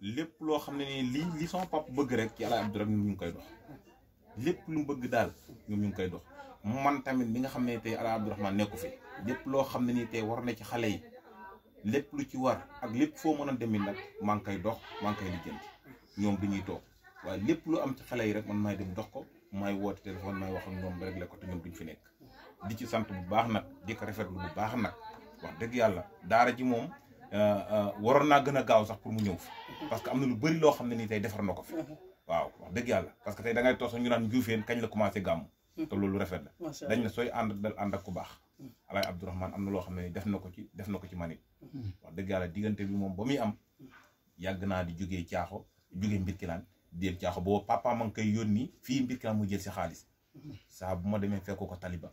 lépp loo xam ne nii lii li son pap bëgg rek ci alaay abdu rek ñoom ñu ngi koy dox lépp lu mu bëgg daal ñoom ñu ngi koy dox man tamit bi nga xam ne tey alaay abdourahman nekku fi lépp loo xam ne nii tey war na ci xale yi lépp lu ci war ak lépp foo mën a demee nag koy dox maa ngi koy ñoom du ñuy toog waaye lépp lu am ci xale yi rek man maay dem dox ko maay woote téléphone maay wax ak ñoom rek la ko te ñoom duñ fi nekk di ci sant bu baax nag di rafet lu bu baax nag wax dëgg yàlla daara ji moom euh, euh, waroon naa gën a gaaw sax pour mu ñëw fi parce que am na lu bëri loo xam ne nii tey defar na ko fi. Mhm. waaw wax dëgg yàlla parce que tey da ngay toog sax ñu naan njuufeen kañ la commencé gàmm. Mhm. te loolu rafet na. dañ ne sooy ànd dal ànd ak ku baax. Mhm. alaay Abdourahmane am na loo xam ne def na ko ci def na ko ci manit wax dëgg yàlla diggante bi moom ba am. yàgg naa di jógee caaxo jógee mbirkilaan di dem caaxo papa ma ngi yoni fi fii mbirkilaan mu jël si xaalis. saa bu ma demee fekk ko taliba.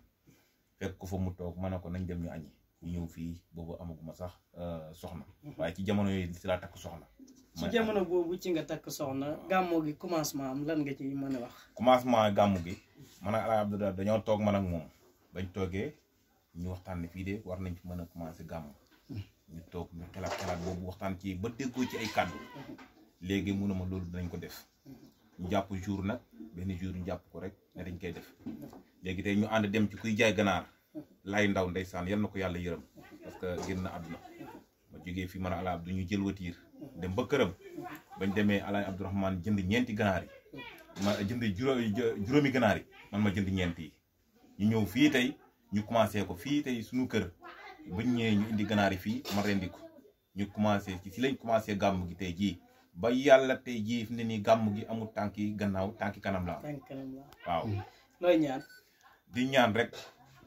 fekk ko fa mu toog ma ne ko nañ dem ñu añi ñu ñëw fii boobu amaguma sax euh, soxna. waaye ci jamono yooyu si laa takk soxna ci jamono boobu ci nga takk soxna gàmmu gi commencement am lan nga ci mën a wax. commencement gàmmu gi man ak El Hadj Abdoulaye dañoo toog man ak moom bañ toogee ñu waxtaan ne fii de war nañ fi mën a commencé gàmmu ñu toog ñu xelaat xelaat boobu waxtaan ci ba déggoo ci ay kàddu léegi mënuma loolu dinañ ko def ñu jàpp jour nag benn jour ñu jàpp ko rek ne dañ koy def léegi tey ñu ànd dem ci kuy jaay ganaar laay ndaw ndeysaan yal na ko yàlla yërëm parce que génn na àdduna ma jógee fi man a alaab du ñu jël watiir dem ba këram bañ demee alaay Abdourahmane jënd ñeenti ganaar yi ma jënd juróomi ganaar yi man ma jënd ñeenti yi ñu ñëw fii tey ñu commencé ko fii tey suñu kër buñ ñëwee ñu indi ganaar yi fii ma rendi ko ñu commencé ci si lañ commencé gàmm gi tey jii ba yàlla tey jii fi ne gàmm gi amul tànki gannaaw tànki kanam la waaw di ñaan rek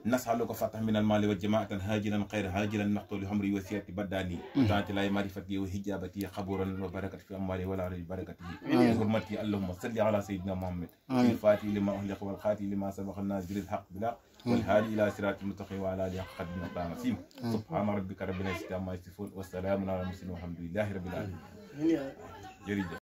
نسعى لك فتح من المال والجماعة هاجلا غير هاجلا نقتل عمري وسيرتي بداني وتعطي الله معرفتي وهجابتي قبورا وبركة في أموالي ولا على بركته بحرمتي اللهم صل على سيدنا محمد الفاتي لما أهلق والخاتي لما سبق النازل الحق بلا والهادي إلى صراط المتقين وعلى آله حق قدر مقام نسيم سبحان ربك رب العزة عما يصفون والسلام على المرسلين والحمد لله رب العالمين جريدة